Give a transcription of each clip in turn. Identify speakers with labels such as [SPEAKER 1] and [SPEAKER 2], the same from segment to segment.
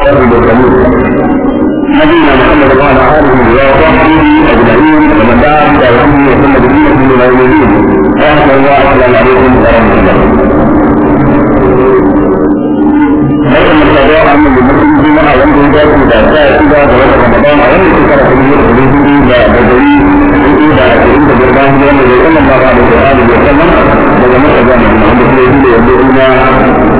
[SPEAKER 1] نبينا محمد وعلى اله وصحبه اجمعين ومن دعا بدعوته وسلم بدينه الى يوم الدين. اهلا وسهلا عليكم ورحمه الله. Bakin a nan da mutum jima a wanda ya dace da da a wanda shekara ta biyar da dubu da da gari da da da da da da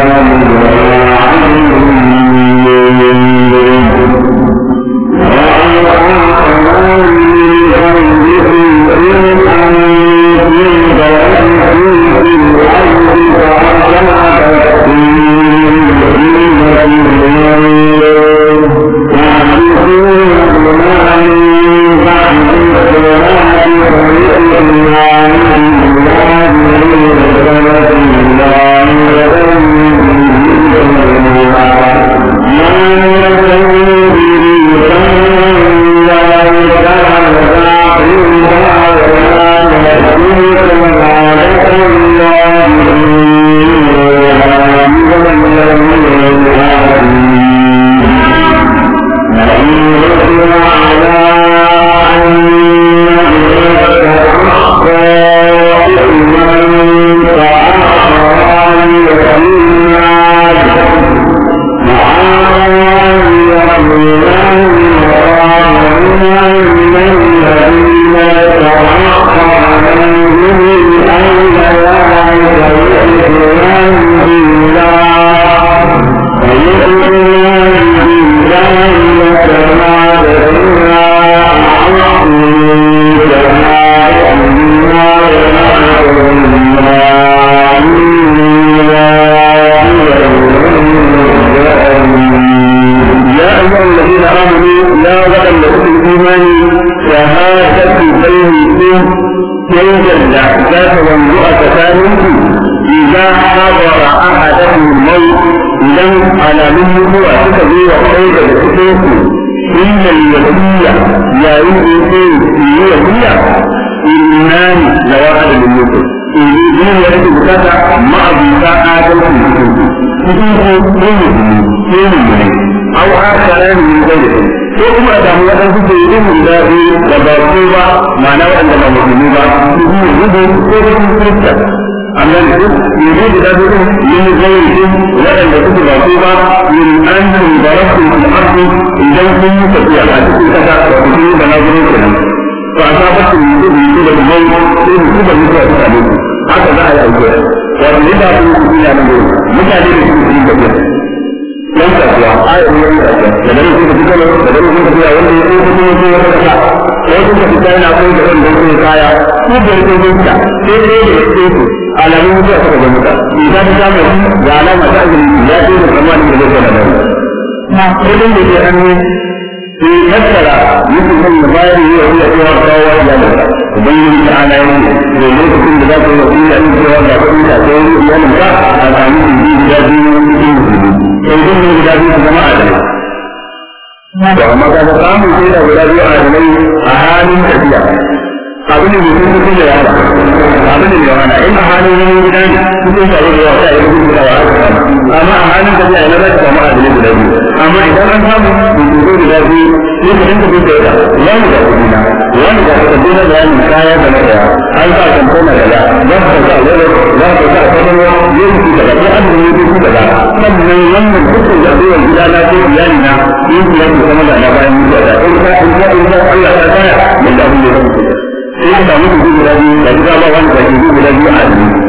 [SPEAKER 1] Amen. guda biyu da ba su ba ma'ana waɗanda ba musulmi ba su yi rubu ko da su kirista amma yanzu guda biyu yin zai su waɗanda suke ba su ba yin an sun da rasu su arzu idan sun yi tafiya a cikin kasa da su yi da na gurin kenan to a sabar su yi da su haka za a yi aiki su yi na gurin mutane da su yi tafiya yi kasuwa ayar yi kasuwa da ganin sun tafi kano da ganin sun tafi wanda ya tsoho kuma sun wata kasa sai sun tafi china ko da kan don sun kaya su da ya tsoho ta sai ɗaya da ya tsoho alamun mutuwa suka ga muka idan ta samu ga alama ta azumi ya tsoho kamar da zai kwana da na sai dai da ke hannu sai tattara yake kan da bayar yi wa iya tsohon kawo wa iyalinka ubangiji ta ala yi ne lokacin da za ka yi wa iya tsohon da kuɗi da tsohon iyalinka a samu jiji da biyu shaidun ne guda biyu su zama adalai to amma ka ga samun shaida guda biyu adalai a halin tafiya abu ne sun kusa da yawa abu ne mai wani a halin wani gida ne kusa da yawa ta yi kusa da yawa amma a halin tafiya ina za ka adalai guda biyu amma idan an samu bincike guda biyu sai ka rinka bin da wani da kudina wani da ka dina da wani kaya da na daya an sa kan tona da ya za ka sa wani za ka sa kamarwa yin su daga ya an yi su daga sannan wannan dukkan zaɓewar gida na ko iyali na yin su yanzu sama da na bayan mutuwa da in ka in ka in ka Allah ta kaya yadda abin da ya samu sai ka samu bincike guda biyu da guda wani da ke guda biyu a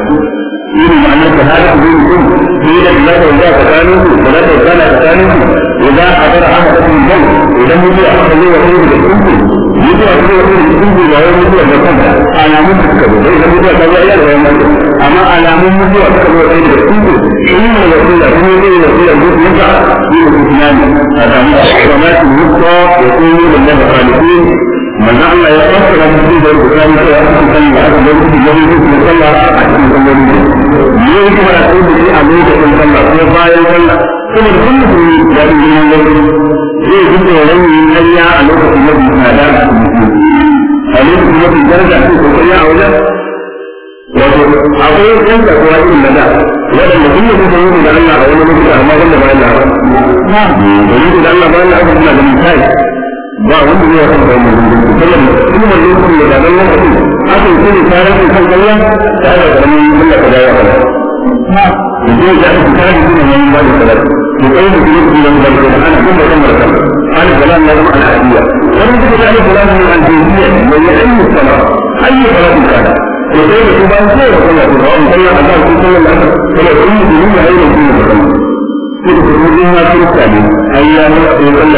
[SPEAKER 1] إذا ما أنك هذا قبولكم قيل لا ترجع تكانوه ولا ترجع تكانوه إذا حضر أحدكم الموت إذا مضي أحد وحيد بالكفر يجي أحد وحيد بالكفر لا يمضي بالكفر على من تكبر إذا مضي أحد وحيد بالكفر أما على من مضي أحد وحيد بالكفر حين الوسيلة حين يجي الوسيلة الجزء يقع في الإسلام هذا وما تنسى يقول لله خالقين manzo Allah ya da mutum da Bukhari da Muslim kan ya aka da mutum da Muslim sallah a cikin sallah ne ne kuma da sun da a lokacin sallah ko bayan sallah kuma kun mutum da yin lalle zai ji tsoron yin lalle a lokacin da mutum da a lokacin da mutum daraja ko kokari a wajen wato akwai yan kasuwa irin na da waɗanda sun yi kuma yin da Allah a wani lokaci amma wanda bayan da ba. Domin da Allah bayan da aka suna da mutane. ba wanda zai san da wannan gudu sallan kuma da lokacin da gaban lokaci aka yi kuma tsarin kan sallan da aka gani Allah ka dawo ka na da ya ji aka tsarin kuma nan ba da sallan to kai da kuma kuma nan ba da sallan ana kuma kan barka ana kalam na ruwan al'adiyya wannan kuma da ake kalam na al'adiyya ne ya yi sallah ayi kalam ka to sai da kuma sai da sallah ko wannan sallah Allah ko sallah Allah sallah kuma da yin da ayyukan kuma suka fi wajen ya kirka ne ya a ta ba saboda da wannan wani wani ba a yana ganin kuma wanda a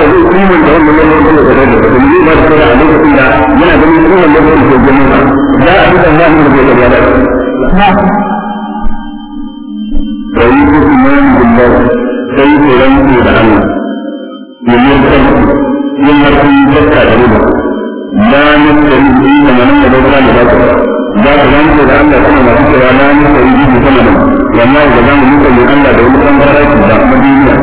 [SPEAKER 1] fi zama da zai yin ina manan da ba da ba ta ba. za ka zama da Allah kuma masu cewa na ni sai yi mu sama nan wallahi da zamu muka ne Allah da wani kan fara ki da madina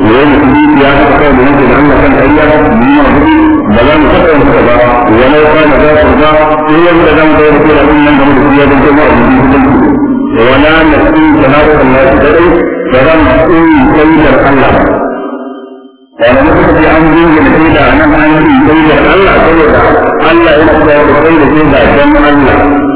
[SPEAKER 1] wai mu ji ya ka kai da wani da Allah kan ayya mu ma gudu ba za mu saka mu ba wala kana da ku ba in yau da zamu da ku da wannan da mu da ya da kuma mu ji ku wala na ku sana'u Allah da dai da zamu yi kai da Allah wanda muka ce an gungun sai da nan an yi sai da Allah saboda Allah yana da kai da sai da dan Allah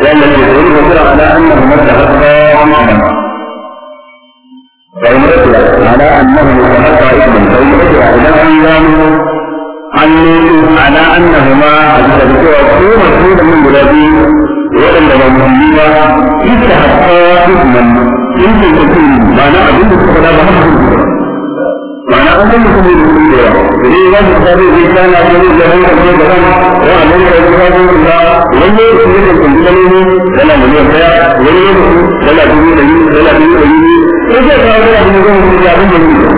[SPEAKER 1] لأن الجبريل ذكر على أنه مبلغ إثما فإن على أنه تلقى إثما فإن على أنهما الذكر من بلادي وإن لم يجيبا إذ إثما يمكن تكون معنى فلا mana an san mutum zai mutum da yawa da zai ba shi kasa zai zai kana ko zai da kuma. ko a nan kai kusa ko kusa wani lokacin zai kan kuma ne dala miliyan daya wani lokacin dala dubu da yi dala dubu da yi ko zai kawo dala dubu da yi da abin da yi ko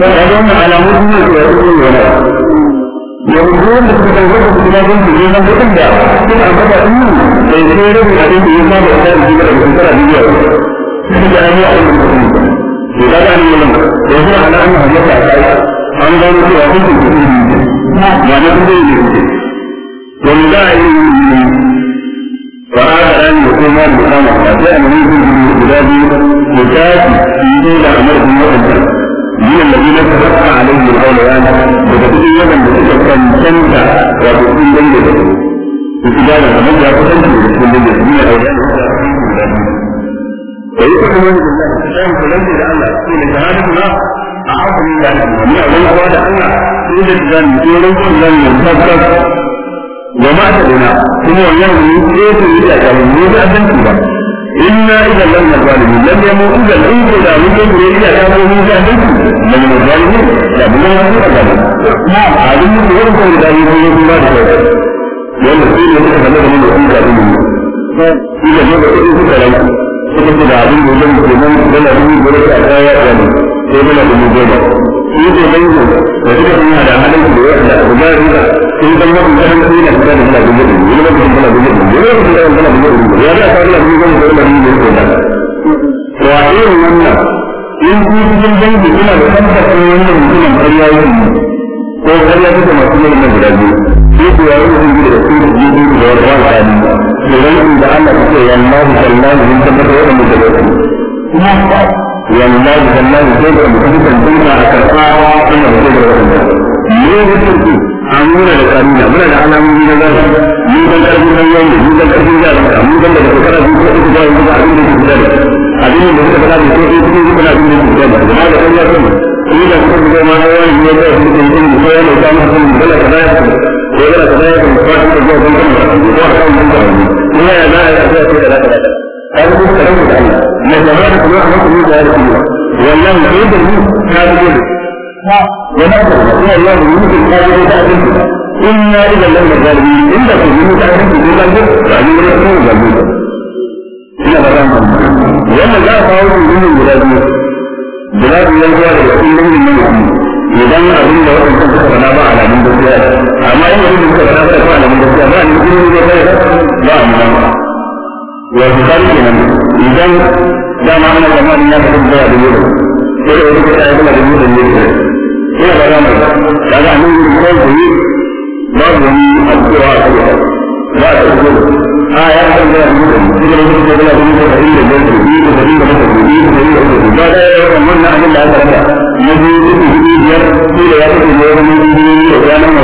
[SPEAKER 1] da wannan alamun sun yi da su ne wani yanzu da suka kan zaka su kuma sun fiye na hudun da sun an faɗa in bai sai rabin abin da ya saba da ta jiki da mutum tara miliyan. Sun da an yi a wani mutum. to da ga nan nan da zuwa nan an hanya ta kai an ga mu ya kun ku ne ya ne yi ne to ni da yi ba ran da kuma mu san da sai mun yi guda biyu mu ta yi da amarin mu da من الذين تبقى عليه القول الآن وتبقي يمن بسكة سنة وتبقي بين يديه وتجعل المجد وتنجي بسكة بين يديه ويؤمنون بالله فلم تلبي لله قيل شهادة الله أعظم من ذلك ومن أول أواد أن قيل الجنة ورسل لن يتذكر وما تدنا ثم يوم يؤتي إلى جهنم يؤتي أجنبا إنا إذا لم الظالمين لم يموا إذا إن كنا وجدوا إلى جهنم يؤتي أجنبا لم يموا الظالمين لا بد أن يكون الظالمين نعم عالم يرفع الظالمين يقول ما تشاء لأن الدين يتكلم من الأمة إذا جاء إلى جهنم suka ce da abin da wajen ke nan dala dubu goma sha ɗaya ya ɗaya sai dala dubu goma su ne bankin da suka suna da halin da ya da abu ya rika sun san mafi karan su yana fita da dala dubu ɗari wani mafi kan dala dubu ɗari wani mafi kan dala dubu ya za a kawo dala dubu da dala dubu ɗari da to irin wannan in ku cikin bankin suna da tabbacin wannan mutumin ƙarya yake ko ƙarya kuka masu yin nan guda biyu yake ya yi zai da su da jini da ya kwa tsari da rantsi da Allah ta ce yallahu sallahu mun tabbata wa mun tabbata yallahu sallahu sai da mutum kan tuna a karfa ana da sai da wanda ne yake ku an nuna da karina muna da alamomi na zai mun kan karfin nan yau mun kan karfin da Allah mun kan da shekara biyu ko uku da yanzu abin da ke da abin da suka fada da sai sai kuma abin da ke da da ya rufe wannan da wani ne a dama ana zamanin ya tafi da dubu da sai da wani kusa ya kuma dubu da ne zama da za a nuna yi babu wani a kai ba a tafi a ya san da dubu da ne sai da wani kusa da dubu da ne da ne da ne da ne da da da da da yi da aka da da da da da da yi da amma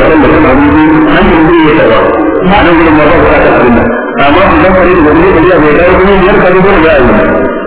[SPEAKER 1] yi da wani da da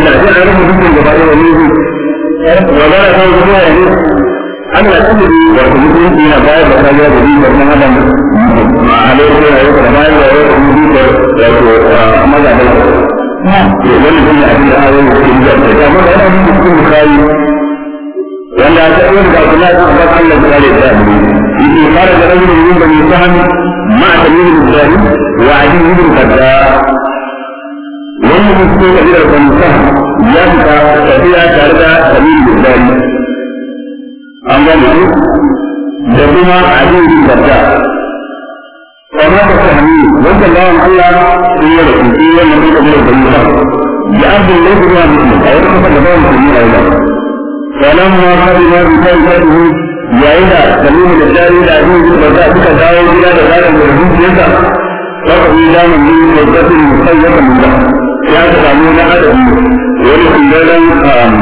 [SPEAKER 1] da zai a rufe dukkan gaba ɗaya wani yi wa za a kawo zuwa yanzu Allah ta da wa kuma mutunci yana bayar da kariya da zuciyar ɗan adam ma a lokacin rayuwa da bayar da rayuwa da zuciyar wato mazaɓar to wannan shi ne abin da ayoyi da suke zuwa da amma da yana nuna cikin bukari wanda ta ɗaukar da kula da ba Allah ta kare da abu yake fara da rajulun min bani sahm ma'a tamim al-zahir wa adin ibn qaddar samu cikin kabilar kwanuka ya ta tafiya tare da kabilar gudari an gane su da kuma abin gudari kama ta sami wanda bawan Allah sun yi rasu yi wannan kabilar kwanuka ya abin laifin ya mutu a wata kafa da bawan kuma ya yi فلما قدم ya yayin da dalilin da jari da ku da za suka dawo gida da zarar da rubutun yasa, za ka yi damar yin da zafin musayyar da ya samu na adam wani kundalen um,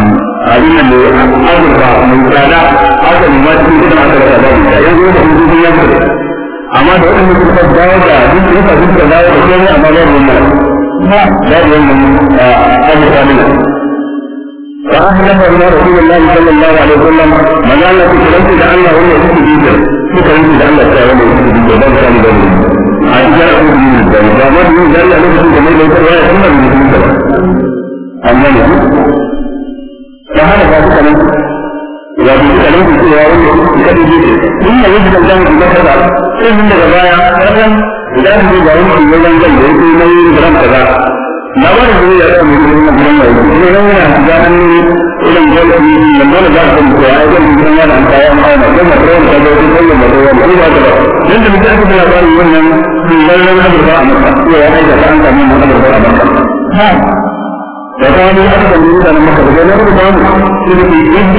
[SPEAKER 1] abin da mai ba mai tsada aka nema cikin gidan aka da mutum yanzu ya samu dubin yanku amma da wani mutum ka dawo da duk ya sa duk da dawo da komai amma babu wannan babu wannan azurfa ne فأهلك إلى رسول ta صلى الله عليه وسلم مجالة في كلمة لأنه هو يحب بيجر في كلمة لأنه تعالى يحب بيجر بل كان بيجر an ja ko bi ne da ba ma ni da Allah ne kuma mai da ya kuma ne kuma da amma ne ta hana ba su kana ya bi da ne ko ya wani ka ji ne din ne yake da dan da kaza sai mun daga baya karan idan mu ga wani ne dan dan ne ko mai da ran kaza na ba da ya kuma ne da ran mai ne ran ya ga an ne irin gwamnati da mana za ka mu ya ga mun yana da kayan mai da kuma da ran da ko da da da da da da da da da da da من لم من لم تبلغ مكة وقالوا أكثر من أن مكة فقال أبو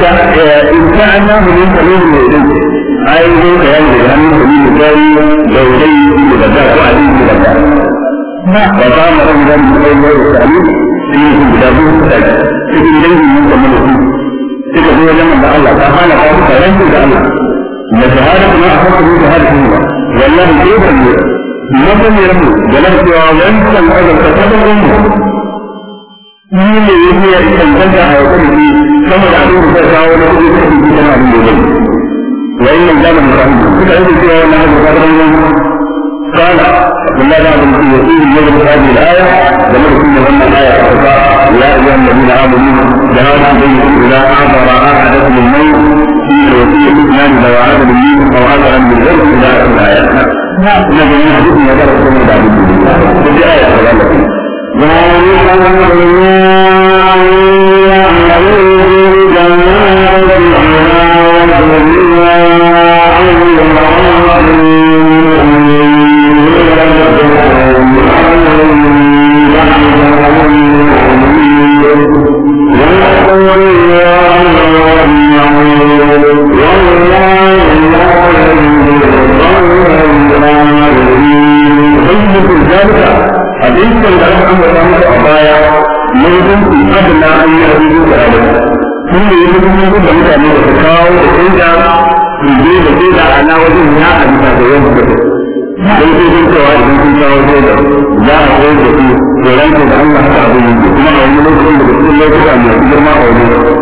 [SPEAKER 1] طالب إنسانا من سبيل الإذن أي ذلك يعني أن سبيل الثاني زوجي مددات وعديد مددات وقام رجلا من أول التعليم فيه كتابه الثاني في إليه من تملكه تلك هو لما الله تعالى قال فلن تدع الله لشهادة ما أخذت من شهادة mazan yamu da lafiya wancan azarta ta ɗan ni ne ya fiye cancanta a yau kuma sama da abin da ta kawo na kuɗi ta kuɗi ta abin وإن من كان متعمدا كل عيد فيها أن هذا قدر قال ولا بعد يقول الذي هذه الآية ولم يكن ظن الآية يا أيها الذين آمنوا لا تبينوا إذا أعبر أحدكم الموت في وصية اثنان ذو عدد منكم أو عددا بالغير إلى آخر الآيات ina ganin hadisin ya zara kuma da abin da ya ji aya ta zama ذلك الله يعلم جمال العراق والعراق والعراق الله babu na an yi da yawa sun ne yi hukumomin da mutane da su kawo da shaida su je da shaida a na wajen ya a bisa da yawan da don sai sun cewa idan sun kawo shaida za a kawo da su da ranke da Allah ta abin yi kuma a wani lokacin da cikin lokuta masu girma a wani idan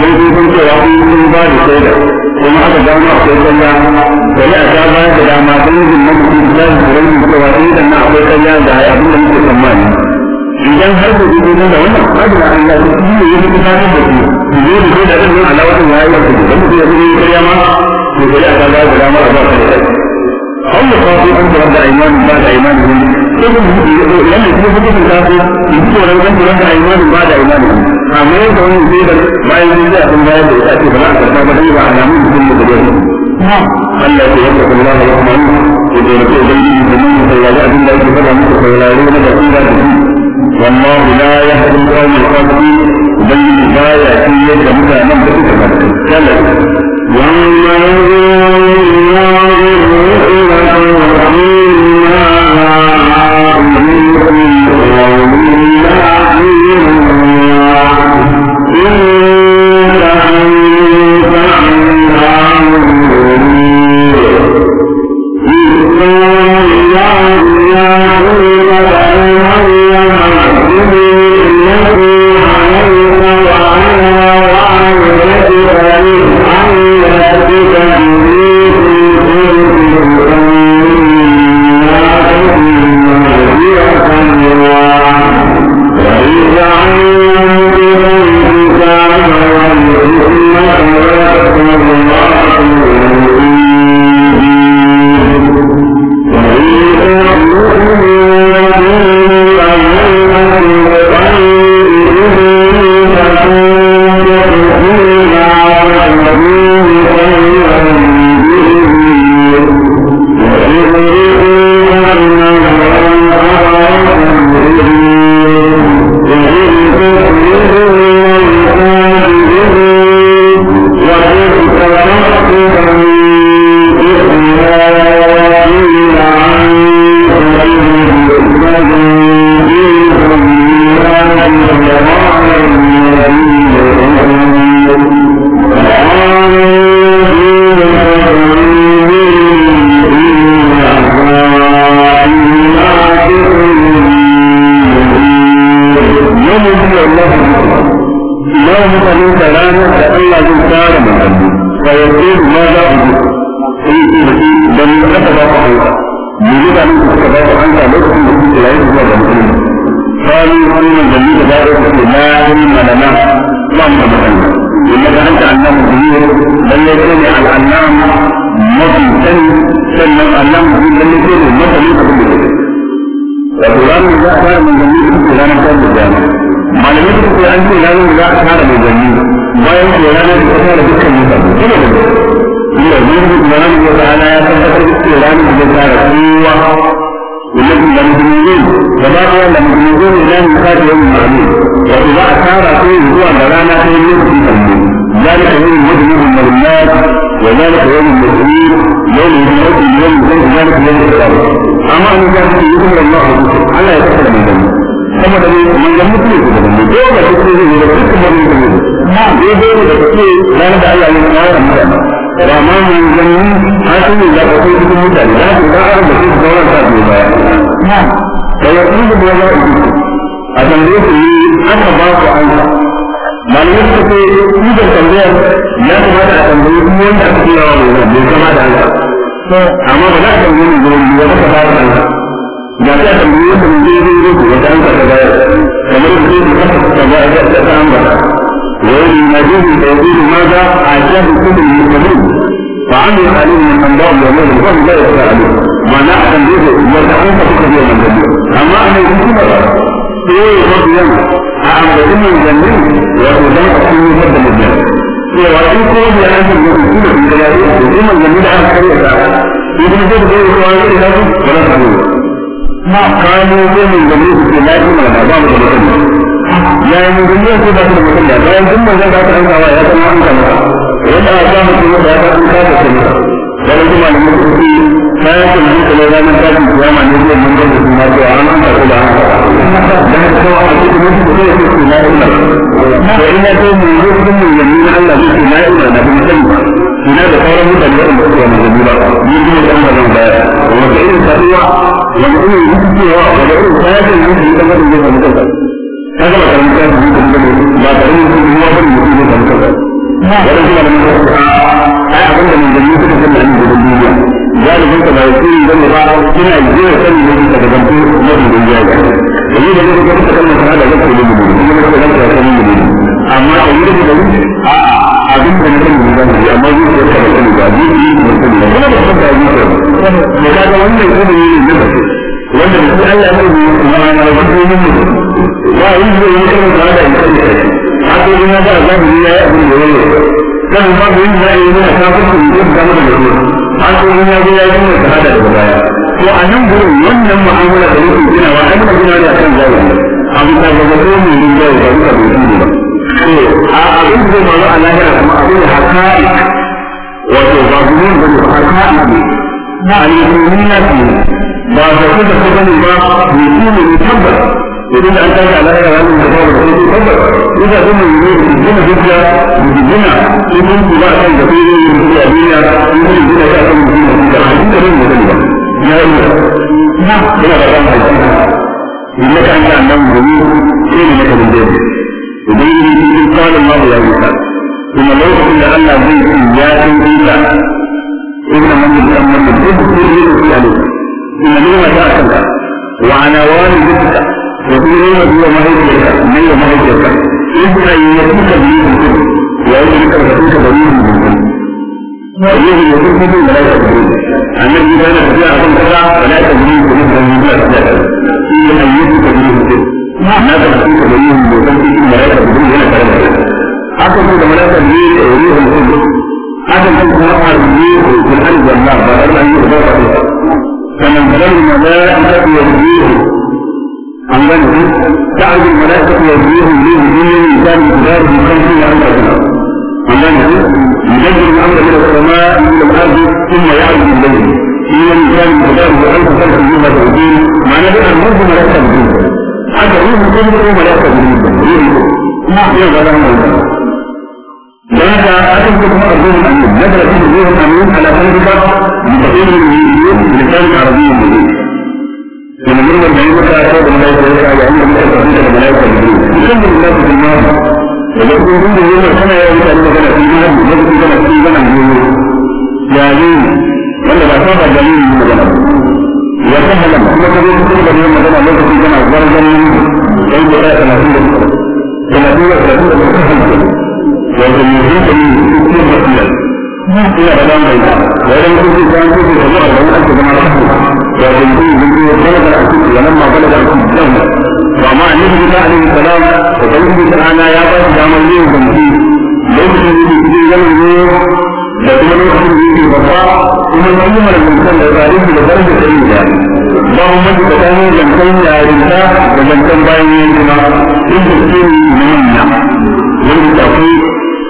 [SPEAKER 1] sun sun cewa sun ba da shaida kuma aka gano akwai kanya da ya ta bayar da dama don jin na mutum da su ranke cewa shaidan na akwai kanya da abin da muke tsammani idan har da duk wani da wannan magana Allah ne shi ne yake fitar da shi ne ne da da Allah wannan yayi da shi dan duk yake yi kariya ma a ga da da ma da shi ta da iman ba da iman ne kuma ne ko yana shi ne kuma da shi ne ko kuma ne amma yau da wani sai kuma da a ce ba za ta ba da ba na da shi Allah ya yi kuma da Allah ya yi kuma da Allah ya yi kuma da Allah ya yi yi kuma da Allah ya yi kuma da Allah ya yi kuma da Allah ya yi kuma da Allah ya yi kuma da Allah da Allah ya yi kuma da Allah ya yi والله لا يهدي القوم الفاسقين بل لا يأتي يد متى لم تتفكر وما الله الرسل Thank you. العالمين ranar kan da jami'a malamin su kuwa an ce ya a tara mai jami'a bayan su ya zama za a tara dukkan mutane gina da su ya zama su zama da wata ana ya san kasar su ya zama da tara kowa ilimin lamdinoyi da ba a yi lamdinoyi ne zama ya kaji yawan mutane da su za a tara su yi zuwa da rana ta yi lokaci kan ذلك يوم المدن من الناس وذلك يوم المسلمين يوم الموت يوم الموت ذلك يوم الثالث اما ان كان في يوم الله الله يتكلم من ذلك saboda ne mun ga mutum ne da mun dole duk ne da duk mun ne na dai dole da kake ranar da Allah ya kawo mu da ba ma mun ga mun har sun da ka kai duk mutane da ku da arba shi da wannan ta ne ba na da ya kun da ya yi a dan ne ku aka ba ku an malamin su ce ku da tambayar ya kamata a tambayi kuma wanda aka kira wa mai kamata an amma ba za a tambayi ne gurin biyu wata ba ta an da ta tambaye da mun je ne ko da an ka da kamar da ke da ta da da ta an ba wani najin da yake maza a jahu kullu muslimin fa an alim min anbar wa min qad la yasali mana an da ko da an ka da da amma an yi kuma ba sai ko yan a an da mun zanni wa da ku da da mun cewa in ko da an da ku da da ya yi mun zanni da an kare da ibn Jabir ko ya yi da ku da kano gomin da ne suke lafi mana da ba mu da mutum ya yi mun duniya ko ba su da mutum da bayan duk manzan da aka an kawo ya san an kama wanda a sa mutum da ya san ka da kuma da ne kuma da mutum shi ta ya ce mutum su ranar tafi ne zai mun gaba su ma ko an an kawo da an kawo da ya a cikin mutum da ya ce su na ina da ina ko mun zo kuma mun yi Allah su na da kuma ina wani kina da yi a abin da nan ne zan yi amma zuciya ta ba sani ba zuciya ba sani ba kuma ba san ta zuciya ba ne ka ga wannan ilimi ne na bace wanda mutum Allah ya yi kuma ana wato ne ne ba yin da ne kan da Allah ya yi haka ne ba za mu yi abin da yake kan ba mu yi ne yake na kafin da yake da mu an ko ne ya ga ya yi shahada daga baya to a nan gurin wannan mu'amala da yake ginawa an gina da kan zalunci abu da ba ko mu yi da ba ka bi ba a abin da ma za a lahira kuma abin da haka'i wato ba gumin da ba haka'i ne na alimin na fi ba da kuma ta gani ba mai kuma ne tabbas idan da an tashi a lahira ranar da babu da kuma tabbas ita zama yi ne da gina hujja da gina ibin ku ba a kan da kai ne da kuma duniya in kuma gina ta kan da gina da hadin da zan yi ba ya yi ina da kan hadin da ne ka an ta annan gumi sai ne na kan da ubangiji sun yi kwanan ma ya yi ta kuma lokacin da Allah zai yi ya yi isa ibn mamman da amma da duk sun yi da su yalo ina ne ma ta kanka wa ana wani duka wa bi ne ma zuwa mahaifiyarka ne ya mahaifiyarka ibn ayyuka ka bi mutum ya yi duka da duka da yin mutum ويجب أن يكون كل ولا يكون النبي كان يستطيع أن يقرأ ولا يكون كل من يقرأ في أن يكون كل na da su ka da yin da kan cikin malaika da yin yana tare da haka su da malaika da yin da yin da yin haka su kuma a yin da yin an zanna ba da ran yin da ba da kanan da yin malaika da yin an gani تعرض الملائكة وجوههم ليه من الإنسان بجداره خمسين ألف سنة والله يدبر الأمر من السماء إلى الأرض ثم يعرض إليه إلى الإنسان بجداره ألف سنة من الدين معناه أن مرض ملائكة بجداره haka ruhu ko ko malaka jibril ruhu na yau da a nan dan haka akan ko da yi da ka da da da da da da magana da ba ta magana wata halar kuma ta zo ta kuma da magana lokaci tana gwarzon ɗan kira talatin da talatin da talatin da ta hankali wato mai zai da yin kuma matsalar ina da ɗan mai wajen kusa ta an kusa da zuwa wani ake zama ta hankali wato mutum zai zo balagar a cikin yanan ma balagar a cikin yanan ba ma annabi Musa alaihi salam da bayyana ta'ala ya ba shi damar yin zanci lokacin da yake zaman zo da kuma lokacin da yake babba kuma yi mana mutum da zalunci da zarge da yin jami'a ba mu mutu tsakanin zancen yarinta da zancen bayan yankuna in da su ne na manya wanda akwai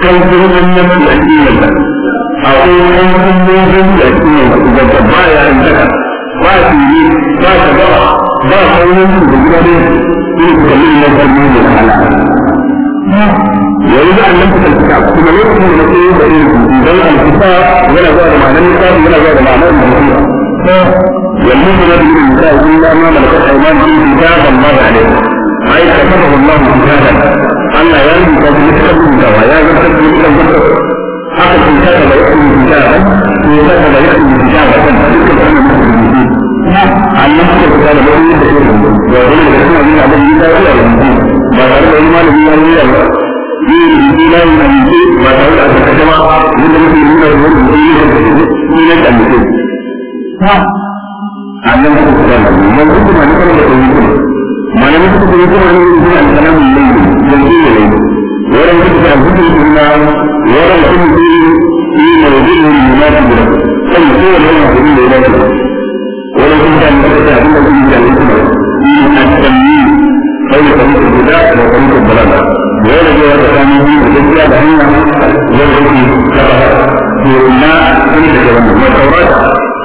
[SPEAKER 1] kalmomin nan da ake yanka akwai kalmomin da ake yanka zanta ba ya yanka ba su yi ba ta ba ba sauran su da gida ne in su kalli na kalmomin da ala yanzu an nan fitar kitab kuma lokacin da nake yi da irin don alkitab yana zuwa da ma'anar yana zuwa da ma'anar والمؤمنات من النساء إلا ما ملكت أيمانكم كتاب الله عليكم أي كتبه الله كتابا ألا يلزم تجلسكم سوا يا جسد تجلسكم أخذ كتابا يحمل كتابا وكتابا يحمل كتابا فذكر أن المسلمين علمت كتابا يحمل كتابا وغير الرسول من عبد الله ولا يمكن وغير الإيمان بالله ولا يمكن Nah, annan su ku kana man su ma ne kana da yi kuma manan su ku yi kuma ne su an kana mun ne dan yi ne wurin su ka hudu kuma wurin su ku yi ne wajen mun na da kan ko da mun ku ne da wurin ma ka mun ka da mun da yi kuma yi an tanni sai da mun ku da da mun ku balala wurin da ya ta mun yi da da hanya wurin ku ka ko na kun da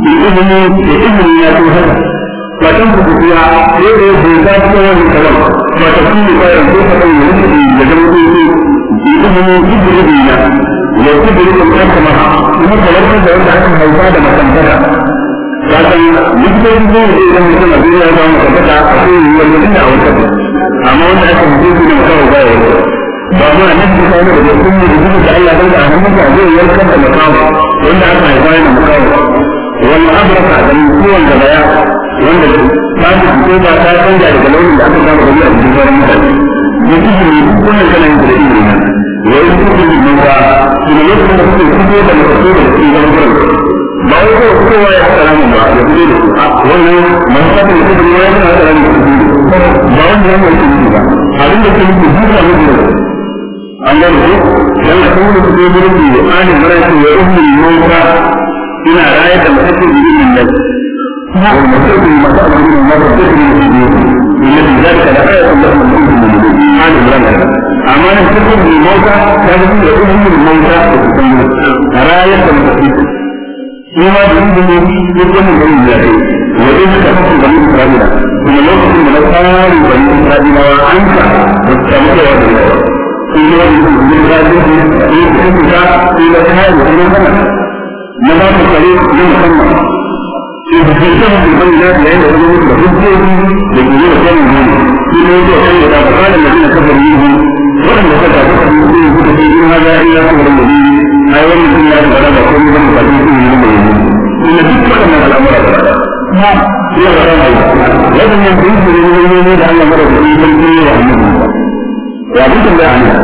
[SPEAKER 1] da izini da izini ya so haka ba can ku kuwa sai da yadda ya ta wani kalam ba ta kuma bayan ko ta kan yanzu da zama ko ko izini izini da ina ya ku da rikon kan kama kuma kalar da wanda aka haifa da makantaka ka san likitoci zai yi idan mutum a duniya ya samu makantaka a kowane wani aka haife da makantaka da kai da kuma da duk da Allah ya a hannun ka zai yarkar da makawa wanda aka haifa wal abraka da mutuwan da baya wanda ta ji ko ba ta canja daga launin da aka samu gari a cikin sauran mutane ya ji ne kullum kana yin da ilimi ne ya yi kuɗi da mota su ne yadda kuka kuke fito da mafaso da kuke zama kan ba wai ko kowa ya salamu ba ya fito da a wannan manufafin da kuke ya yana salamu kuke ba wani ya mai kuɗi ba abin da kuke kuɗi ba ne da an gano ko dan a kan da kuke gurin da ya ani mara ya ummi mota ina raye da mutum gudun nan da mutum ba ta gudun nan da ta gudun nan da ina da da ayyukan da mutum gudun da ina da amma na cikin mai mota ta gudun da ina mai mota da ta gudun raye da mutum ni ma da ni da kuma lokacin da wani mutum da ya an ka da ta mutum da ya ce ko da mutum da ya ce ko da mutum da ya ce ko da mutum da ya ce ko da mutum na ba mu tsare na musamman shi da ke shan dubban da ya yi da wani da hujjoji da ke zuwa kan mu shi ne zuwa kan da ba kana da kana kafar yi waɗanda ka ta yi ne kuka da in haza in ya kuma da yi ai wani sun ya da da ko mun ba ta yi ne ne ne ne duk wannan al'amura da ya ya ga ran Allah wannan ne kun ji ne ne da Allah mara da yi kan ne ya mu ya mutum da Allah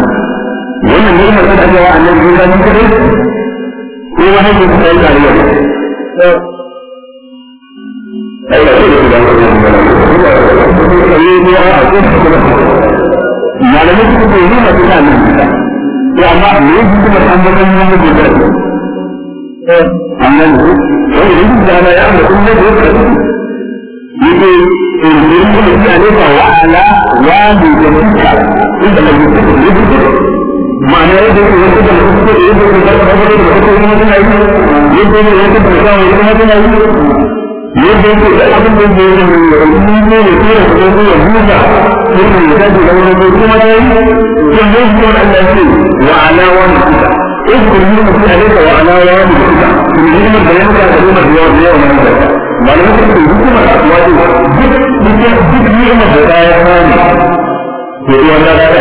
[SPEAKER 1] wannan ne mai tsaya annabi da mun ko ma hankali ku ɗan tare yau malamai su ko da masu sa nan bisa to amma me yi su kuma an bakan yi mu gobe amma ne wani yi su dama ya amma kun ne gobe yi ko in yi mu ne ta ne fa wa ala wa mu da mu ka inda ka yi su ne gobe ma'ana yadda yake wasu da wasu da yadda yake da wasu da wasu kuma suna yi yadda yake wasu da wasu kuma suna yi yadda yake da abin da yake da wani ne ne tura da zuwa buga yadda ya da wani ne kuma ta yi sun zai da Allah ce wa ala wani kuka iskun yi mutu a duka wa ala wani kuka kun yi mun bayan ka da rumar yau da yau na yau malamin da ke hukumar asuwa duk duk duk yi mun da ya kame to iya na da ta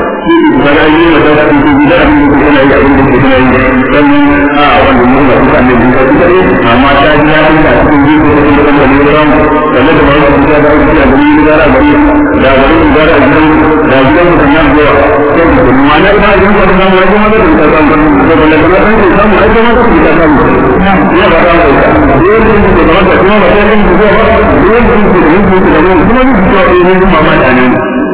[SPEAKER 1] mana yi na da su su da abin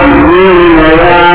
[SPEAKER 1] الدين يا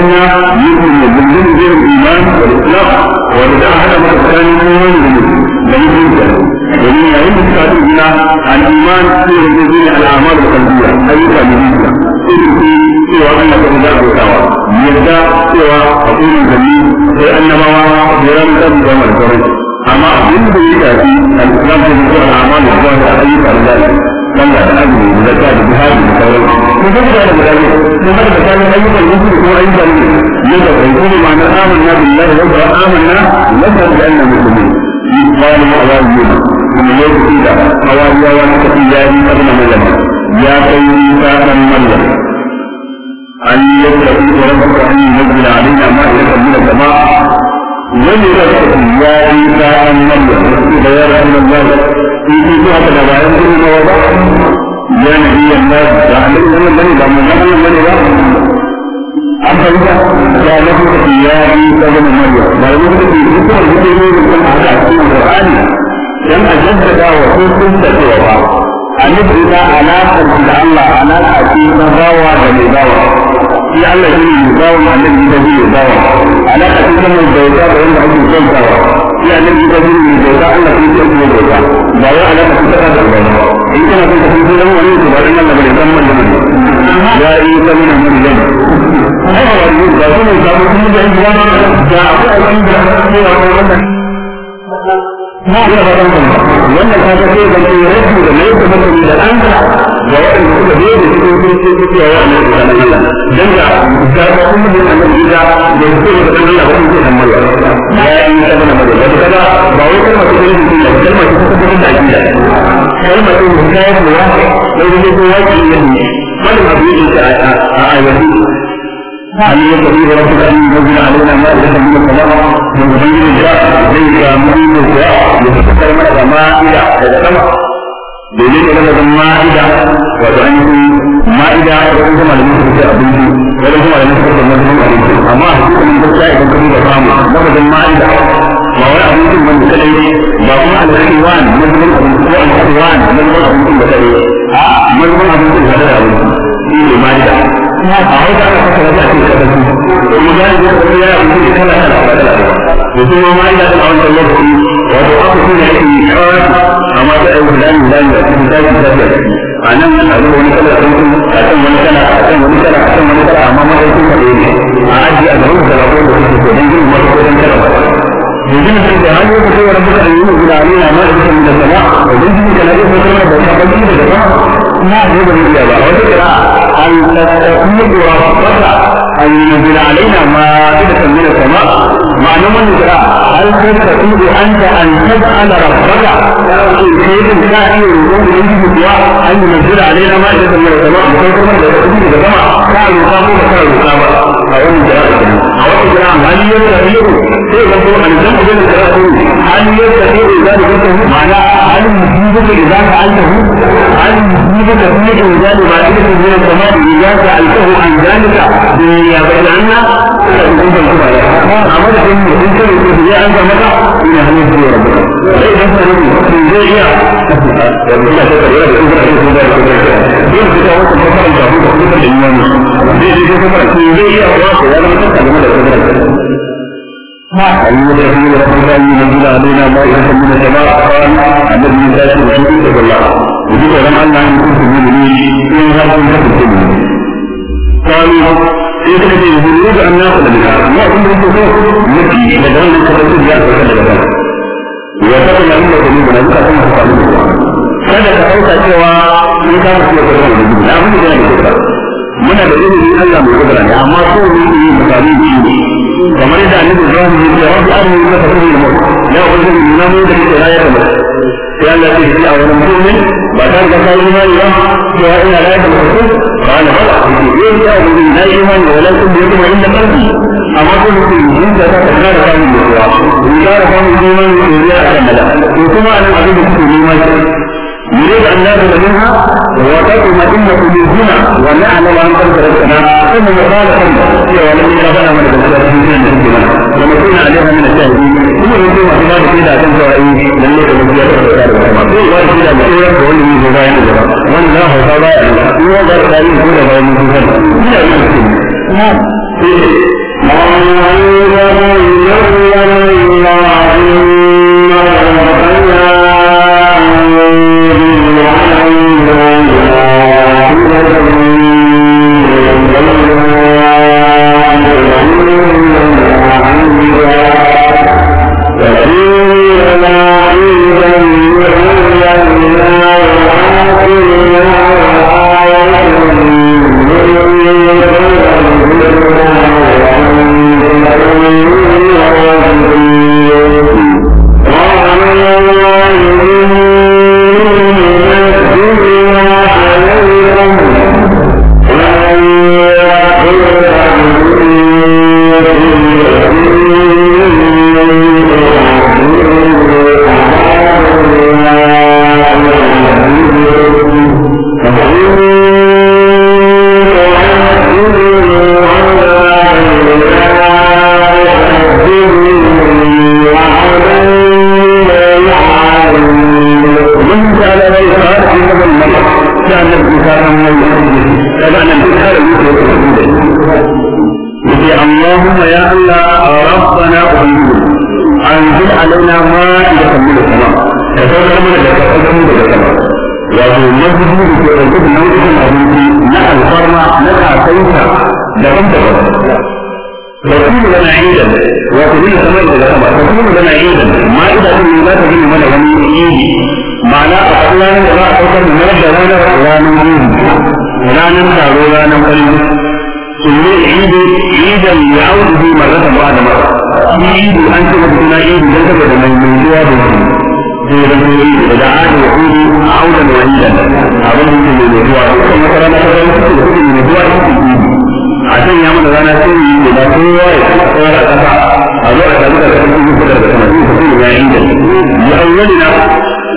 [SPEAKER 1] الدنيا يؤمن بالدين غير الايمان والاطلاق ولذا هذا ما كان يؤمن لم يمكن ومن يعين الكاتب هنا الايمان في الجزيل الاعمال القلبيه اي كلمه تدركي سوى انك اذا بتاوى يبدا سوى اقول الجميل لانما جرام الاب وما الفرج اما ابن بيتاتي الاسلام في الاعمال الظاهره اي كلمه صلى الله عليه وسلم زكاه بهذه الكلمه وتبدا الملائكه وهذا كان ايضا المسلم هو ايضا يدعو يقول معنى امنا بالله وقال امنا نشهد باننا مسلمين قال حواريون ومن يؤتي حواريا وكتيان ابن مريم يا سيدي ابن مريم أن يتقي ربك أن ينزل علينا مائدة من السماء ولربك يا عيسى أن مريم إذا يا رسول الله إيتي هكذا بعد كل ما وضعت يا نبي الله يعني من بني بام من بني بام أفضل قال له يا عيسى بن مريم قال له في ذكر الذكر من هذا القرآن لم أجدد وكنت تتوفى أن يبدأ علاقة الله علاقة في مباوى ومباوى shi Allah shi ne yuzawun annabi da zai yuzawa alaƙa ta zama bauta da wanda ake kwantawa ya nan ji gaba ne da ta Allah kun ce ne da ba wai ana ka tsaka da ba in kana son ka san sunan wani to ba dan Allah bane dan man ne ya yi sanin mun da ai ba wani da kuma da mun da ya da akwai abin da ya wannan ma ya fara kan wannan ka ga sai zan yi rashi da mai kuma da mai da yi amana da Allah dan da ga kuma da Allah da da ke da kuma da kuma da mai yi da kuma da mai da ba wai kuma da kuma da kuma da kuma da kuma da kuma da
[SPEAKER 2] daga ma'ida daga
[SPEAKER 1] sama domin da daga ma'ida wato an yi a da kuma malamin su ke abinci wani kuma malamin su ke mazmun abinci amma a cikin gaskiya idan ka duba samu lafazin ma'ida ba wani abincin ban kadai ba kuma al-khiwan mazmun abinci ko al-khiwan mazmun abincin ba kadai a mazmun abincin ba kadai abinci shi ne ma'ida أعود على حسن ذاتي كبسي والمجاهد يقول يا أبي كما كان أبدا وثم ما إلا أن أعود الله وأدعاك كل شيء أما تأوه الآن لا يأتي ذاتي ذاتي أنا من أدعو من كلا أتم من كلا أتم من كلا أتم من كلا أما ما يأتي كبيري أعجي أدعوك لأقول لك ودنجل ما تقول أن كلا يجب أن تتعلم وتقول ربك أن يؤمن علينا ما يجب أن تتعلم ويجب أن تتعلم وتقول ربك أن يؤمن علينا ما يجب أن تتعلم ما هو الذي يبقى وذكر أن تستثمر ربك أن ينزل علينا مائدة من السماء معنى من القراء هل تستطيع أنت أن تسأل ربك إن كيف كائن يقوم بنفسه الدعاء أن ينزل علينا مائدة من السماء وكيف تستطيع أن تسأل كائن يقام وكائن يقام أو من أو هل يستطيع كيف يقول أن تسأل بين القراءة هل يستطيع ذلك معنى هل يجيبك إذا فعلته هل يجيبك في إنزال مائدة من السماء إذا سألته عن ذلك نيابة عنها أنت الكبار عملت أنه أنت الكبار أنت مدع إلى هل يجري ربك فإذا سألوني من جريع ولا تتبع يا أخرى في الله يقول في تواصل فقر الجابوت وقلت الإمام في جريع من جريع وقلت ولا تتبع لمدى الكبار المتقين ربنا ينزل علينا مائدة من إيه السماء إيه قال الذي ينزل رسول صلى الله وجد لم أن أن كنت من لي إن غير كنت قالوا sai suka ce yuzuru da annahu da bika amma abin da yake so mafi da wannan karatu ya fara daga ba ya fara ya nuna da mun da kan su faru kada ka dauka cewa in ka mutu da wannan rubutu na abin da yake so muna da Allah mai kudura ne amma so ne yi ne kamar yadda ya mu da sai Allah ce shi a wani mutumin ba ta ga kai ba to ya ina da kuma ko ba na ba yin da wani da imani wala kun da kuma inda kalbi amma ko ku yin da ta kana da kai ne ba ku da kai imani ne ya kana da to kuma an abin da ya imani يريد أن نأخذ منها وتكون أمة للزنا ونعلم أن قد تركنا ثم يقال هي ولم يرغبنا من الشاهدين ونكون عليها من الشاهدين ثم يكون في ذلك إذا كنت رأيه لم يكن مزيدا في ذلك إذا مسيرة فهو من جزاء الجزاء من لا حفاظ الله يوضع التاريخ كل غير من جزاء لا يمكن نعم ما يرغب إلا الله ثم ربنا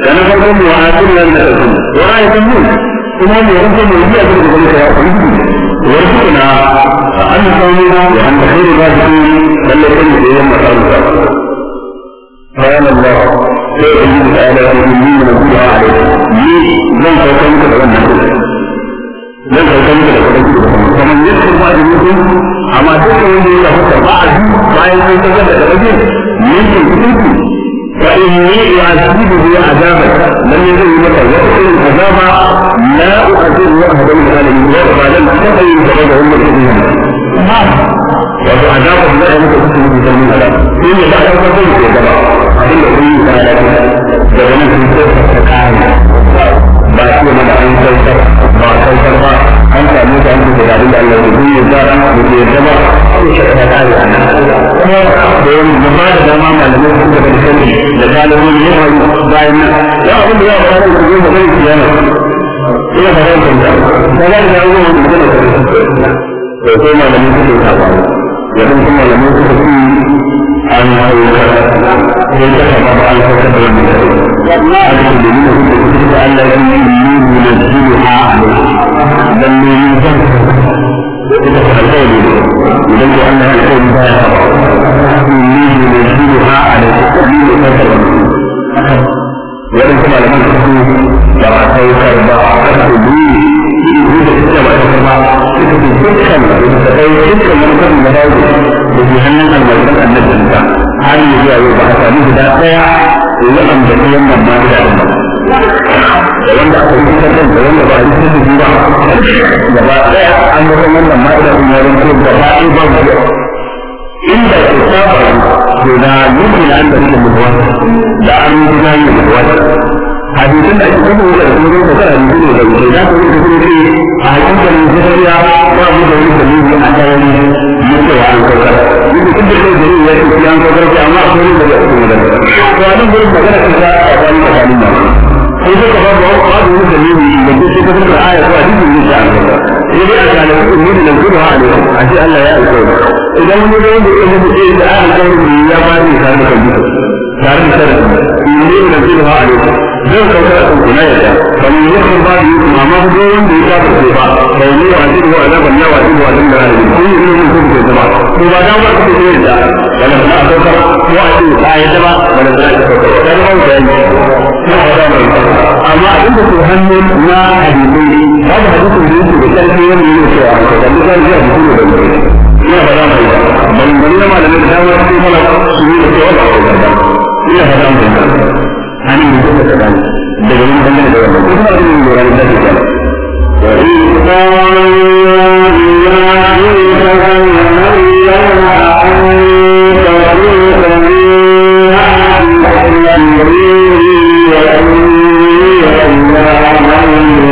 [SPEAKER 1] da na farko mu wa asirin nan da ɗaukan wa ya mu kuma mu yanzu mu yi abin da kuma ya kuma yi wa su na an samu wa an da kai ba su lalle kan da yayin masalta bayan Allah sai ubangiji ta ala ya yi mun da kuma alai ni zan kauka muku da wannan zan kauka muku da wannan ne yadda kuma da mutum amma dukkan wanda ya hukar ba a bayan sai ka da kake ne hukunci فإني أعذبه عذابا لم يزل لك يأتي عذابا لا أعذبه أحدا من العالمين لا أعلم حتى ينتهي هم الكثيرين نعم وهو لا الله أن تسلم في ذنب إن يشاء الله فضل في الجبل ذلك ba ce mana an kautar ba kautar ba an samu ta hannu da abin da Allah ya yi ya zara da ke yarda ba kuma da yin ba da dama malamai sun da bai sani da galibi ne wani bayan nan ya abin da ya fara da zai magana kiyama ina da kanta ta da yawo da magana da da sai malamai suke saba ya dan kuma malamai suka fi an hauka ne ta kama an hauka da wani ba Yeah. koyi ambaci wannan ma da ba da wanda aka yi ta da wanda ba a yi ta da ba gaba an ga wannan ma da kuma yaron ko gaba ɗaya ba mu inda ke saba to da yake an da mutuwa da an yi ta yi hadisin da ake kafa wuta da kuma da mutum da wuce za ka wuce kuma ce a hakikan zakariya ba mu da wuce da wuce a kayan mutum an kaukar duk duk da zai zai ya ce an kaukar ce amma akwai wuce da wuce da wuce to a nan gurin magana ce ta a kwanin tsakanin ba sai ka ba ba ba da wuce da wuce da wuce ka aya ko hadisin ne ta an kaukar sai dai a kanin mutum ne da kuma a ne a ce Allah ya alƙawari idan mun zo da ilmi da a da an kaukar ya ba ni tare da kan mutum tare da sarrafa ne ne da kuma a ne zai sauka a kanku na yadda kamar yadda ba da yusuf amma ku zo wanda ya kafa ce ba ba wani wa zai wa azaban yawa zai wa zai da rani kun yi ilimin kun ke zama ko ba dama ku ke yadda da na sana'a sauka ko a ce ba yadda ba ba na sana'a sauka ba kan wani da yanki na wada mai amma abin da ke hannu na hadisai ba da hadisin da yake da ƙarfi wani ne cewa a kasance zai ji a jikin da bambare ina ba za mu yi ba bambare na malamai da dama su yi mana su yi da cewa ba ba ba ina ba za mu yi ba anan da suka kada daga wani bangare da wannan kuma abin da lura da shi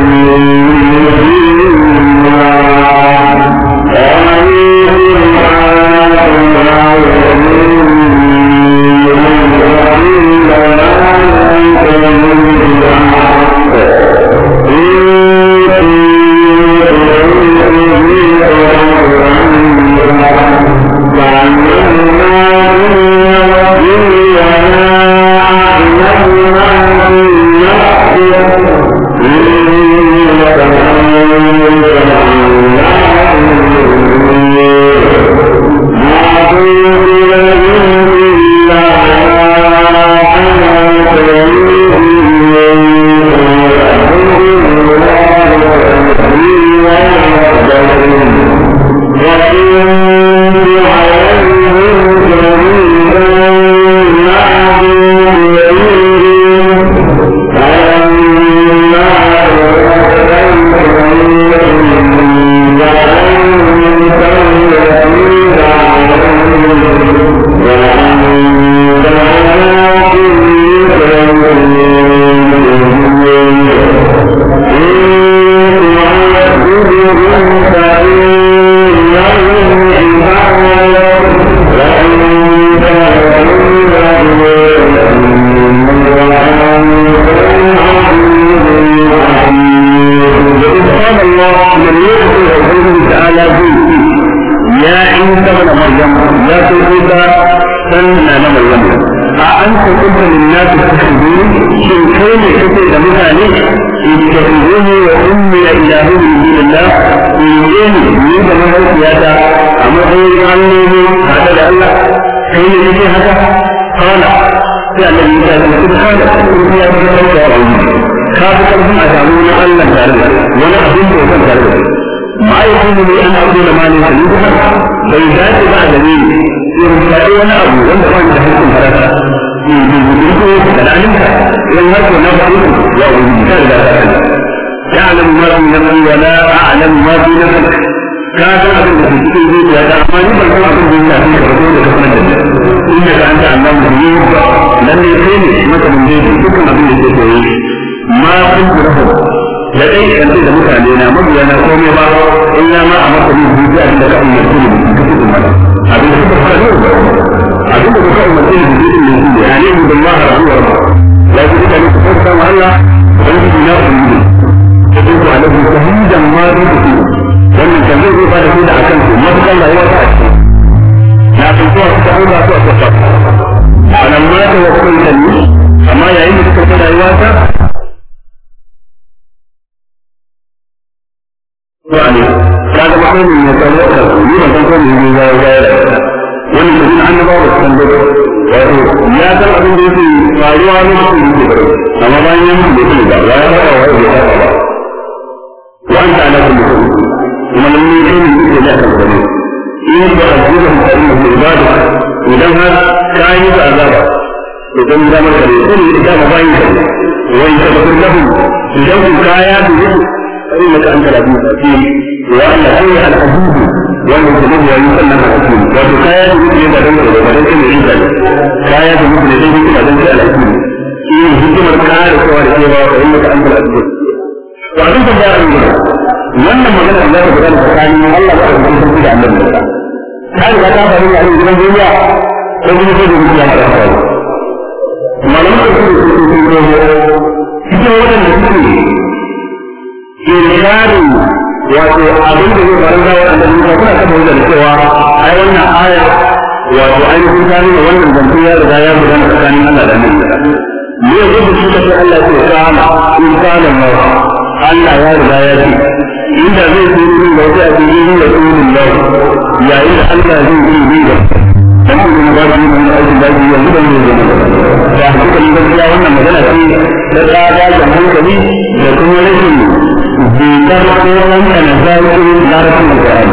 [SPEAKER 1] تقولون وأمي إلههم من دون الله إن من كما هو سياسة أما هو يعلمهم هذا لألا كيف يجي هذا قال فعلا موسى سبحانه وتعالى كافة لهم أتعلمون ألا تعلم ولا أظن أن تعلم ما يكون لي أن أقول ما ليس لي بحق فإذا تبع دليل يرجع ولا أبو ولا أبو قد علمت ما في نفسي ولا أعلم ما في نفسك كافر أبن في بيت لا تعمل بل هو أبن بيت أبيك رسولك إنك أنت علام الغيوب لم يكن مثل بيتي كل أبن نفسي ما كنت رفض da dai kan ce da mutane na mabiya na komai ba illa ma a masa ne zuciya da ka umarci ne da abin da kuka umarci da zai ne shi ne yani ibn Allah rabbu wa rabbu la ku da ku san san Allah ubangiji na ubangiji sai ku alabi shahidan ma da ku wannan kan zai fara ku da akan ku matakan rayuwa ta ce na san ku ku ta Allah ku ta anan ma ta wakkunta ni amma yayin da kuka rayuwa ta yani kaga mutum ne ya tsaya da ni ban san ko ne ya yi wannan da sun annabawa ba su san gaba ya san abin da yake faruwa lokacin da yake gaba amma bayan ya mutu bai ba ya faɗa wa ya ba wa an ta alaƙa mutum kuma nan ne kai ne yake da kan gaba in ba a ne ban tare da ne idan har ka yi ta azaba to dan da maka ne kun yi da bayan ka wai ka bar lahu idan ku kaya da yake ne maka an kalabi a cikin wa Allah sai ne azizu wannan jinin ya yi sannan a cikin wato kaya da mutum yana don gaba ba don kai mai rinka kaya da mutum yana don yi don kai da ne shi ne hikimar kaya da kowa da kewa da yin maka an gaba cikin to abin da ya yi wannan magana da za ta gudana tsakanin Allah da abokan sarki da annabi da ta riga ta faru ne a yin gidan duniya ko kuma sai da mutum ya fara faru malamin da suke suke suke cikin waɗanda suke ilayarin wato abin da zai faru da wannan da muka kuna kan hujjar cewa ai wannan aya wato ainihin ta nuna wannan zance ya riga ya gudana tsakanin Allah da nan ne ya gudu shi kafin Allah ce kana in kana mawa Allah ya riga ya ce inda zai ce ni da wata abin da zai yi da Allah yayin da Allah zai yi ni da dan mun ga ba mu da aikin da yake yanzu da mu da da haka kan gaskiya wannan magana ce da tsada da hankali da kuma rashin dokar tsohon da na zaki larabcin alkur'ani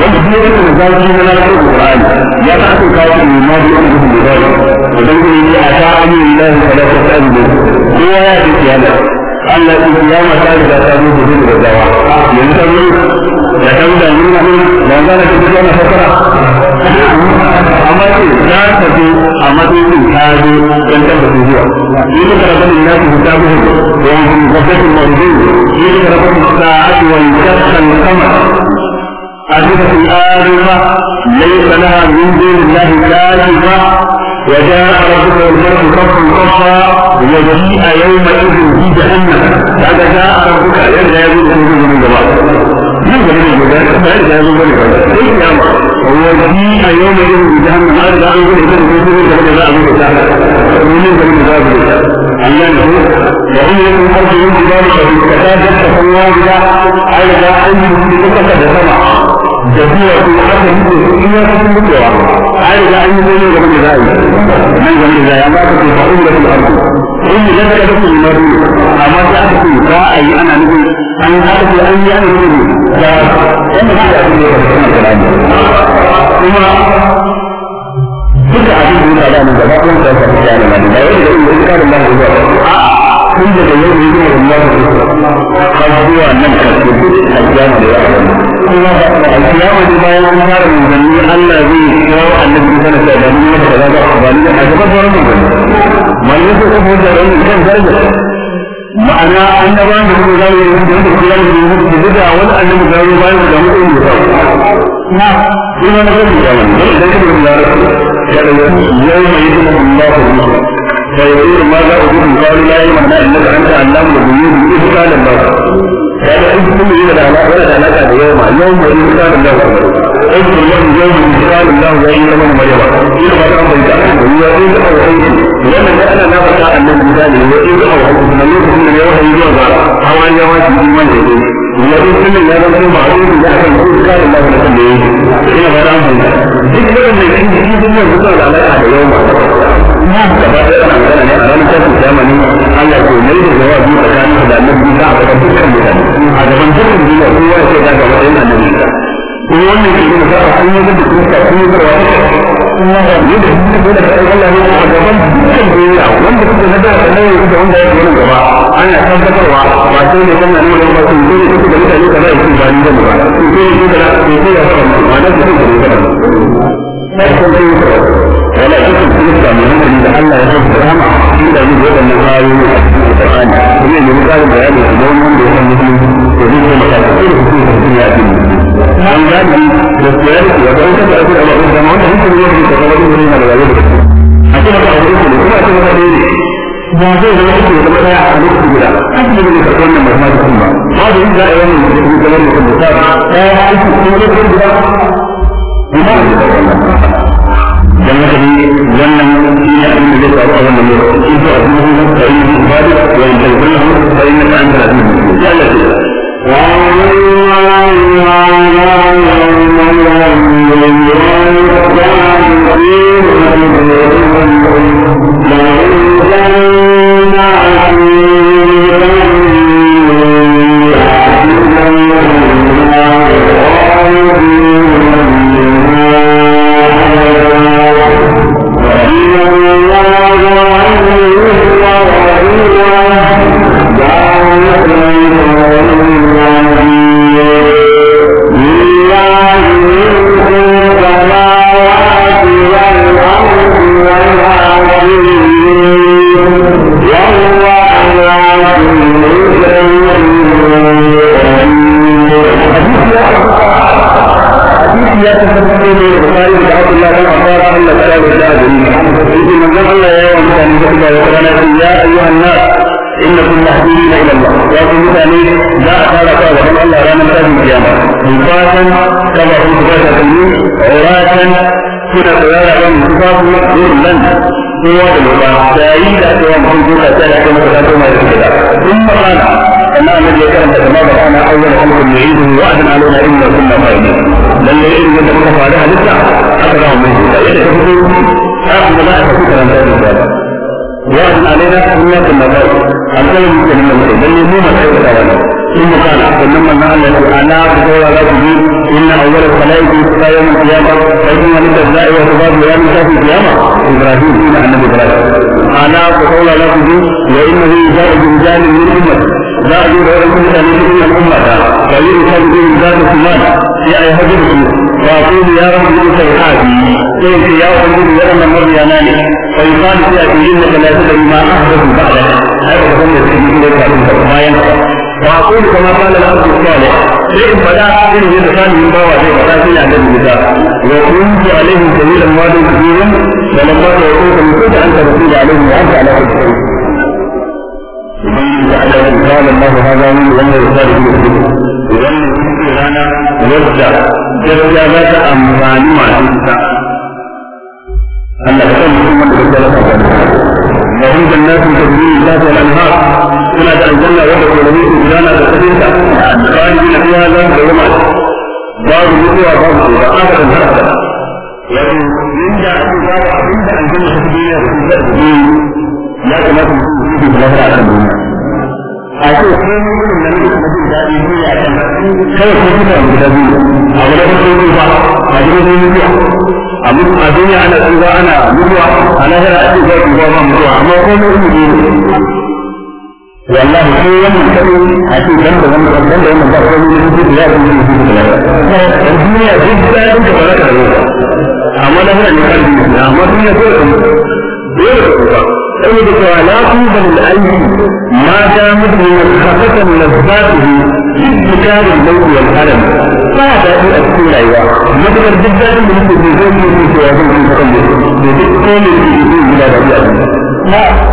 [SPEAKER 1] yadda kuma yake da zaki na larabcin alkur'ani ya ta aka kawo shi ma da yake da zaki idan kuma yi a ta amin lillahi salatu ta amin kowa ya ce kiyama Allah ya ce kiyama ta riga ta zo da zuwa yanzu ta zo da ta wuce nuna ne da yanzu a matsayin ta zo don tabbata zuwa in da ta da da جاء ربك يرجع يقول من جبال من قبل الجبال فهل لا يظن ذلك ايش الامر؟ هو جيء يوم يجب جهنم هذا لا يظن ذلك من قبل جزاء ابو الجهل ومن قبل جزاء ابو الجهل ان ينهوا وان يكن قد يوم بذلك بالكتابه فالله على ان يمسكك بسمع جزيرة حتى يمكن إلى تسلكها على أن يكون قبل ذلك من قبل ذلك ما تكون فأولة الأرض إن ذلك لكم المريض أما تأتي أنا نقول da yana da abin da ya kasu da kalami kuma duka abin da ya kasu da gaba kuma da ya kasu da kalami da yau da yau da kalin nan da zuwa tun da da yau da yau da Allah har zuwa nan kasu duk aljamu da ya kasu kuma alkiyama ne bayan an fara manzanni Allah zai kira annabi Isa na sai da mun masa kaza ba ni a gaban sauran manzanni malamin sai ko da ran kan daraja ma'ana annabawan da suka zama yin da suka zama yin da annabi da ya bayar da mutum ba na ina na gudu da wani da kuma da ya da mai Allah ko da ya yi ma za a gudu da wani layi mana innaka anta Allah da gudu da ita kalan ba da ya yi kuma yana da alaka da alaka da yau ma yau mai aiki yau yau da misalin da ya yi zama mai yawa ina ba ta bai ta da ya yi zama da aiki wannan da ana nafa ta annan misali ya yi zama da aiki na lokacin da ya wahayi zuwa ga hawa ya wace iman da ya yi ya yi sunan ya zama ba a yi da aka yi misalin da ya yi ina ba ta bai duk da wannan shi shi sun yi zuwa da alaƙa da yau ma gaba da ana magana ne a ranar tashin zamani Allah ke mai da jawabi tsakanin da annabi Isa a gaban dukkan mutane a gaban dukkan duniya kowa ya ce da ga matsayin annabi Isa wannan ke nuna zaɓa an yi da kuma ka an yi zarwa ne da kuma ko da kaɗan Allah ne a gaban dukkan duniya wanda suke na da na yanzu da wanda ya fi nan gaba ana tabbatarwa ba sai ne wannan ne ba su ne suke da mutane kaza ya ce ba ni zan ba su ne su da su ne ya fara ma na su ne da ne na san sai ya da mai hankali da ya da cikin Qur'ani da da ya an gane gaskiyarki ya ga wata da ake da wata zama wanda hankali ya rubuta kamar yin wani na da zai a ce maka abu uku ne kuma a ce maka ɗaya ne ba zai zama uku zama ɗaya a lokacin guda an ci gaba da karɓar wannan mathematics ba ba da yin za a yi wannan da kuma kamar mutum da tsara ɗaya a uku kuma lokacin guda ina da karɓar wannan dan haka ne wannan shi ne abin da zai faru a wannan lokaci in ka abu da zai faru a wannan lokaci wa in tabbata fa inna ka anta alim ya Allah न nan kuna saurara ban mun ba ku gurin nan kowa da ba yayi da aka yi mun duka sai da kuma da kuma da kuma kun magana annabi annabi ya karanta kuma ba ana ayyana alkum yu'idu wa adan aluna inna kunna fa'ilin lalle irin yadda muka fara halitta aka ga mun duka yadda ka fito a kuma za a fito karanta da ba wa adan aluna inna kunna fa'ilin alƙalin mutum ne lalle mu ma sai da wannan ثم قال فلما قال انا بقول ربي ان اول الخلائق يبقى يوم القيامه فانما لدى الداعي وتباب يوم القيامه ابراهيم دون النبي ابراهيم انا بقول ربي وانه يجاء برجال من الامه لا يجوز ان يكون من الامه فليس بهم ذات ثمان في اي هجر فأقول يا رب انت الحاكم قلت يا رب وانا مرضي اناني فيقال في اكلمك لا تدري ما احدث بعدك هذا هو الذي يقول لك ما ينفع واقول كما قال الارض الصالح لكن فلا اعقل من ثاني من بوا شيء فلا شيء عند النساء وكنت عليهم سبيلا واد كثيرا فلما توقيت من كنت انت رسول عليهم وانت على كل شيء قال الله هذا من لم يزال يشرك idan mutum ke في wadda gaskiya za ta amfani masu ita Allah ya san mutum الناس gaskiya za ta suna da aljanna wanda kuma ne su gudana da kafin ta bayan na fiya za su zama babu mutuwa babu tsoro aka kan haka wato inda ake babu abinda aljanna ta duniya da kuma da ya kamata su yi da lafiya a kan duniya a ce kuma mutum nan da kuma jin daɗi duniya a kan kawai kuma kuma da biyu a guda kuma sun rufa a guda sun a duniya ana tsuwa ana mutuwa a lahira a ce za su zama mutuwa amma kuma mutum ne والله هو عشان جنب جنب جنب جنب ده هو اللي بيجي لا بيجي في كلام الدنيا جدا انت ولا كلام عمل هنا نقلب عمل هنا كلام أجد لا قوة للألف ما دامت منخفة لذاته ابتكار الموت والألم فهذا هو السورة أيها مثل جدا من التلفزيون في سواد المتقلب بذكر التلفزيون إلى ربيع لا